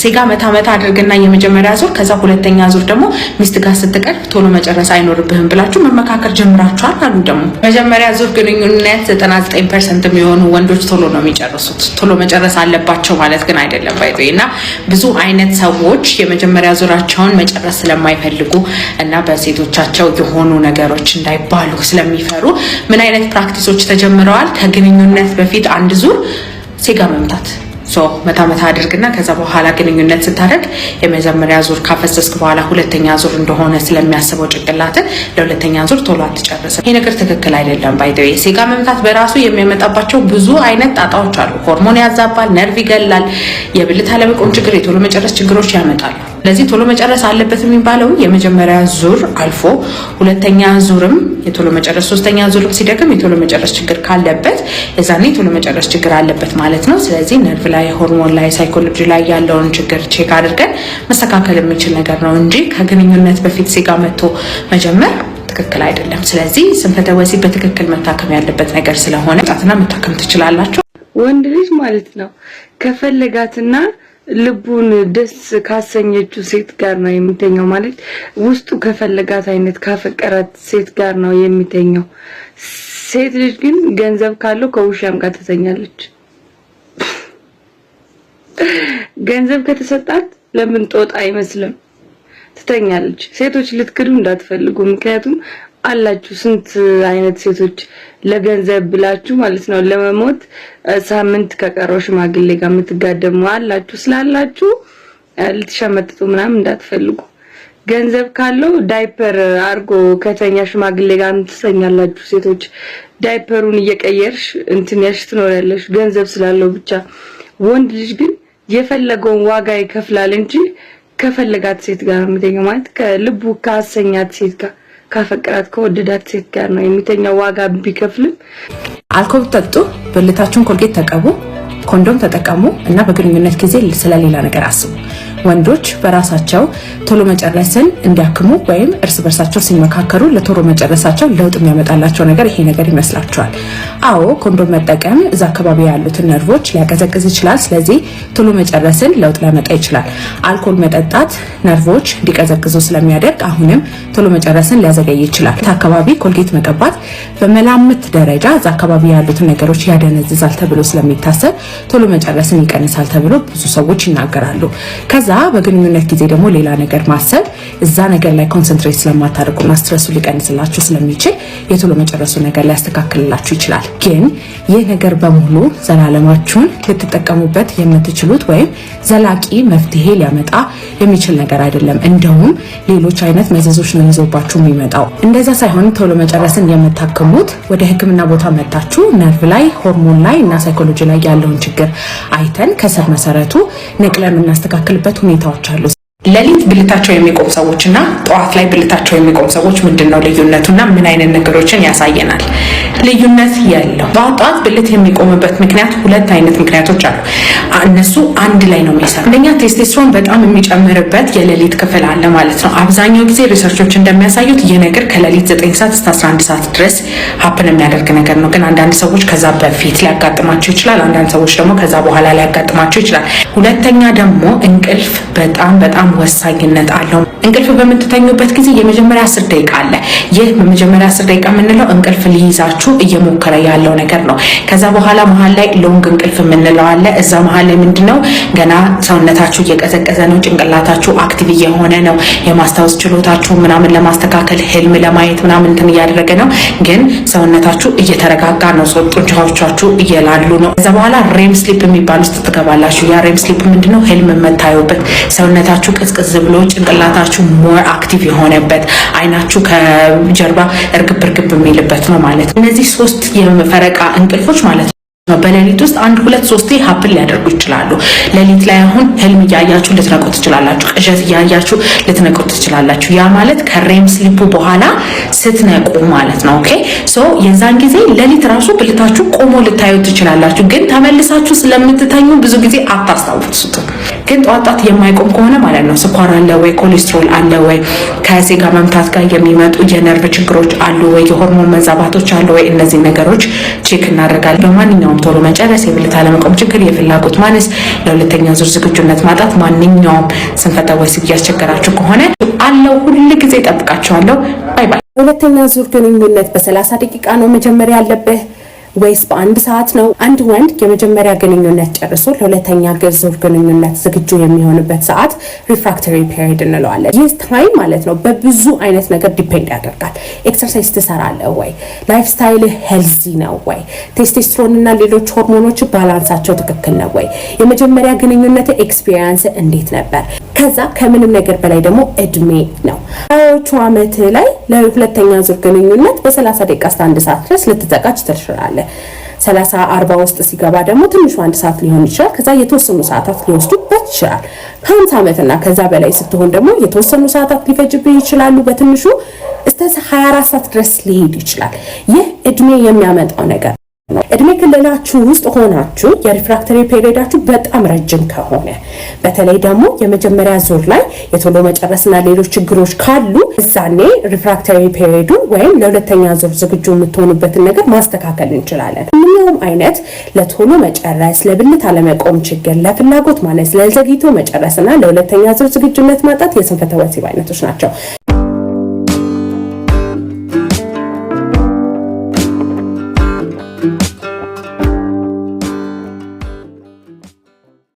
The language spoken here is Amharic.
ሴጋ መታ መታ አድርግና የመጀመሪያ ዙር ከዛ ሁለተኛ ዙር ደግሞ ሚስት ጋር ስትቀርብ ቶሎ መጨረስ አይኖርብህም ብላችሁ መመካከር ጀምራችኋል አሉ። ደግሞ መጀመሪያ ዙር ግንኙነት 99 ፐርሰንት የሚሆኑ ወንዶች ቶሎ ነው የሚጨርሱት። ቶሎ መጨረስ አለባቸው ማለት ግን አይደለም ባይዘ እና ብዙ አይነት ሰዎች የመጀመሪያ ዙራቸውን መጨረስ ስለማይፈልጉ እና በሴቶቻቸው የሆኑ ነገሮች እንዳይባሉ ስለሚፈሩ ምን አይነት ፕራክቲሶች ተጀምረዋል? ከግንኙነት በፊት አንድ ዙር ሴጋ መምታት መታ መታ አድርግና ከዛ በኋላ ግንኙነት ስታደርግ የመጀመሪያ ዙር ካፈሰስክ በኋላ ሁለተኛ ዙር እንደሆነ ስለሚያስበው ጭንቅላት ለሁለተኛ ዙር ቶሎ አትጨርስም። ይህ ነገር ትክክል አይደለም። ባይደዌ ሴጋ መምታት በራሱ የሚያመጣባቸው ብዙ አይነት ጣጣዎች አሉ። ሆርሞን ያዛባል፣ ነርቭ ይገላል፣ የብልት አለመቆም ችግር፣ የቶሎ መጨረስ ችግሮች ያመጣሉ። ለዚህ ቶሎ መጨረስ አለበት የሚባለው የመጀመሪያ ዙር አልፎ ሁለተኛ ዙርም የቶሎ መጨረስ ሶስተኛ ዙርም ሲደግም የቶሎ መጨረስ ችግር ካለበት የዛኔ የቶሎ መጨረስ ችግር አለበት ማለት ነው። ስለዚህ ነርቭ ላይ፣ ሆርሞን ላይ፣ ሳይኮሎጂ ላይ ያለውን ችግር ቼክ አድርገን መስተካከል የሚችል ነገር ነው እንጂ ከግንኙነት በፊት ሲጋ መጥቶ መጀመር ትክክል አይደለም። ስለዚህ ስንፈተ ወሲብ በትክክል መታከም ያለበት ነገር ስለሆነ ጣትና መታከም ትችላላቸው ወንድ ልጅ ማለት ነው ከፈለጋትና ልቡን ደስ ካሰኘችው ሴት ጋር ነው የሚተኛው። ማለት ውስጡ ከፈለጋት አይነት ካፈቀራት ሴት ጋር ነው የሚተኛው። ሴት ልጅ ግን ገንዘብ ካለው ከውሻም ጋር ትተኛለች። ገንዘብ ከተሰጣት ለምን ጦጣ አይመስልም ትተኛለች። ሴቶች ልትክዱ እንዳትፈልጉ፣ ምክንያቱም አላችሁ ስንት አይነት ሴቶች ለገንዘብ ብላችሁ ማለት ነው ለመሞት ሳምንት ከቀረው ሽማግሌ ጋር የምትጋደሙ አላችሁ። ስላላችሁ ልትሸመጥጡ ምናምን እንዳትፈልጉ። ገንዘብ ካለው ዳይፐር አርጎ ከተኛ ሽማግሌ ጋር ምትሰኛላችሁ ሴቶች። ዳይፐሩን እየቀየርሽ እንትን ያሽ ትኖሪያለሽ ገንዘብ ስላለው ብቻ። ወንድ ልጅ ግን የፈለገውን ዋጋ ይከፍላል እንጂ ከፈለጋት ሴት ጋር የምተኛው ማለት ከልቡ ካሰኛት ሴት ጋር ካፈቅራት ከወደዳት ሴት ጋር ነው የሚተኛው ዋጋ ቢከፍልም። አልኮል ጠጡ፣ ብልታችሁን ኮልጌት ተቀቡ፣ ኮንዶም ተጠቀሙ እና በግንኙነት ጊዜ ስለሌላ ነገር አስቡ። ወንዶች በራሳቸው ቶሎ መጨረስን እንዲያክሙ ወይም እርስ በርሳቸው ሲመካከሩ ለቶሎ መጨረሳቸው ለውጥ የሚያመጣላቸው ነገር ይሄ ነገር ይመስላቸዋል። አዎ ኮንዶም መጠቀም እዛ አካባቢ ያሉትን ነርቮች ሊያቀዘቅዝ ይችላል። ስለዚህ ቶሎ መጨረስን ለውጥ ሊያመጣ ይችላል። አልኮል መጠጣት ነርቮች እንዲቀዘቅዙ ስለሚያደርግ አሁንም ቶሎ መጨረስን ሊያዘገይ ይችላል። አካባቢ ኮልጌት መቀባት በመላምት ደረጃ እዛ አካባቢ ያሉትን ነገሮች ያደነዝዛል ተብሎ ስለሚታሰብ ቶሎ መጨረስን ይቀንሳል ተብሎ ብዙ ሰዎች ይናገራሉ። ከዛ በግንኙነት ጊዜ ደግሞ ሌላ ነገር ማሰብ እዛ ነገር ላይ ኮንሰንትሬት ስለማታደርጉና ስትረሱ ሊቀንስላችሁ ስለሚችል የቶሎ መጨረሱ ነገር ሊያስተካክልላችሁ ይችላል። ግን ይህ ነገር በሙሉ ዘላለማችሁን ልትጠቀሙበት የምትችሉት ወይም ዘላቂ መፍትሄ ሊያመጣ የሚችል ነገር አይደለም። እንደውም ሌሎች አይነት መዘዞች ነው ይዞባችሁ የሚመጣው። እንደዛ ሳይሆን ቶሎ መጨረስን የምታክሙት ወደ ሕክምና ቦታ መታችሁ ነርቭ ላይ፣ ሆርሞን ላይ እና ሳይኮሎጂ ላይ ያለውን ችግር አይተን ከስር መሰረቱ ነቅለን የምናስተካክልበት ሁኔታዎች አሉ። ሌሊት ብልታቸው የሚቆም ሰዎች እና ጠዋት ላይ ብልታቸው የሚቆም ሰዎች ምንድን ነው እና ምን አይነት ነገሮችን ያሳየናል? ልዩነት ያለው በአሁኑ ጠዋት ብልት የሚቆምበት ምክንያት ሁለት አይነት ምክንያቶች አሉ። እነሱ አንድ ላይ ነው የሚሰሩ። አንደኛ ቴስቴስትሮን በጣም የሚጨምርበት የሌሊት ክፍል አለ ማለት ነው። አብዛኛው ጊዜ ሪሰርቾች እንደሚያሳዩት ይህ ነገር ከሌሊት 9 ሰዓት እስከ 11 ሰዓት ድረስ ሀፕን የሚያደርግ ነገር ነው። ግን አንዳንድ ሰዎች ከዛ በፊት ሊያጋጥማቸው ይችላል። አንዳንድ ሰዎች ደግሞ ከዛ በኋላ ሊያጋጥማቸው ይችላል። ሁለተኛ ደግሞ እንቅልፍ በጣም በጣም ወሳኝነት አለው። እንቅልፍ በምትተኙበት ጊዜ የመጀመሪያ አስር ደቂቃ አለ። ይህ በመጀመሪያ አስር ደቂቃ የምንለው እንቅልፍ ሊይዛችሁ እየሞከረ ያለው ነገር ነው። ከዛ በኋላ መሀል ላይ ሎንግ እንቅልፍ የምንለው አለ። እዛ መሀል ላይ ምንድን ነው ገና ሰውነታችሁ እየቀዘቀዘ ነው፣ ጭንቅላታችሁ አክቲቭ እየሆነ ነው፣ የማስታወስ ችሎታችሁ ምናምን ለማስተካከል ህልም ለማየት ምናምን እንትን እያደረገ ነው። ግን ሰውነታችሁ እየተረጋጋ ነው፣ ጡንቻዎቻችሁ እየላሉ ነው። ከዛ በኋላ ሬም ስሊፕ የሚባል ውስጥ ትገባላችሁ። ያ ሬም ስሊፕ ምንድን ነው ህልም የምታዩበት ሰውነታችሁ ቅዝቅዝ ብሎ ጭንቅላታችሁ ሞር አክቲቭ የሆነበት አይናችሁ ከጀርባ እርግብ እርግብ የሚልበት ነው ማለት ነው። እነዚህ ሶስት የፈረቃ እንቅልፎች ማለት ነው በሌሊት ውስጥ አንድ ሁለት ሶስቴ ሀፕል ሊያደርጉ ይችላሉ። ሌሊት ላይ አሁን ህልም እያያችሁ ልትነቁ ትችላላችሁ። ቅዠት እያያችሁ ልትነቁ ትችላላችሁ። ያ ማለት ከሬም ስሊፑ በኋላ ስትነቁ ማለት ነው። ኦኬ ሶ የዛን ጊዜ ሌሊት ራሱ ብልታችሁ ቆሞ ልታዩ ትችላላችሁ። ግን ተመልሳችሁ ስለምትተኙ ብዙ ጊዜ አታስታውሱትም። ግን ጠዋት ጠዋት የማይቆም ከሆነ ማለት ነው ስኳር አለ ወይ ኮሌስትሮል አለ ወይ ከስጋ መምታት ጋር የሚመጡ የነርቭ ችግሮች አሉ ወይ የሆርሞን መዛባቶች አሉ ወይ እነዚህ ነገሮች ቼክ እናደርጋለን። በማንኛውም ቶሎ መጨረስ፣ የብልት አለመቆም ችግር፣ የፍላጎት ማነስ፣ ለሁለተኛ ዙር ዝግጁነት ማጣት፣ ማንኛውም ስንፈተ ወሲብ እያስቸገራችሁ ከሆነ አለው ሁል ጊዜ ጠብቃችኋለሁ። ባይ ባይ። ሁለተኛ ዙር ግንኙነት በሰላሳ ደቂቃ ነው መጀመሪያ ያለብህ ወይስ በአንድ ሰዓት ነው? አንድ ወንድ የመጀመሪያ ግንኙነት ጨርሶ ለሁለተኛ ዙር ግንኙነት ዝግጁ የሚሆንበት ሰዓት ሪፍራክተሪ ፔሪድ እንለዋለን። ይህ ታይም ማለት ነው በብዙ አይነት ነገር ዲፔንድ ያደርጋል። ኤክሰርሳይዝ ትሰራለህ ወይ? ላይፍ ስታይል ሄልዚ ነው ወይ? ቴስቴስትሮን እና ሌሎች ሆርሞኖች ባላንሳቸው ትክክል ነው ወይ? የመጀመሪያ ግንኙነት ኤክስፒሪየንስ እንዴት ነበር? ከዛ ከምንም ነገር በላይ ደግሞ እድሜ ነው። በሀያዎቹ ዓመት ላይ ለሁለተኛ ዙር ግንኙነት በ30 ደቂቃ እስከ አንድ ሰዓት ድረስ ልትዘጋጅ ትችላለህ። 30 40 ውስጥ ሲገባ ደግሞ ትንሹ አንድ ሰዓት ሊሆን ይችላል። ከዛ የተወሰኑ ሰዓታት ሊወስዱበት ይችላል። ከ50 ዓመትና ከዛ በላይ ስትሆን ደግሞ የተወሰኑ ሰዓታት ሊፈጅብህ ይችላሉ። በትንሹ እስከ 24 ሰዓት ድረስ ሊሄድ ይችላል። ይህ እድሜ የሚያመጣው ነገር እድሜ ክልላችሁ ውስጥ ሆናችሁ የሪፍራክተሪ ፔሪዳችሁ በጣም ረጅም ከሆነ በተለይ ደግሞ የመጀመሪያ ዙር ላይ የቶሎ መጨረስና ሌሎች ችግሮች ካሉ እዛኔ ሪፍራክተሪ ፔሪዱ ወይም ለሁለተኛ ዙር ዝግጁ የምትሆኑበትን ነገር ማስተካከል እንችላለን። ምንም አይነት ለቶሎ መጨረስ፣ ለብልት አለመቆም ችግር፣ ለፍላጎት ማነስ፣ ለዘግይቶ መጨረስና ለሁለተኛ ዙር ዝግጁነት ማጣት የስንፈተ ወሲብ አይነቶች ናቸው።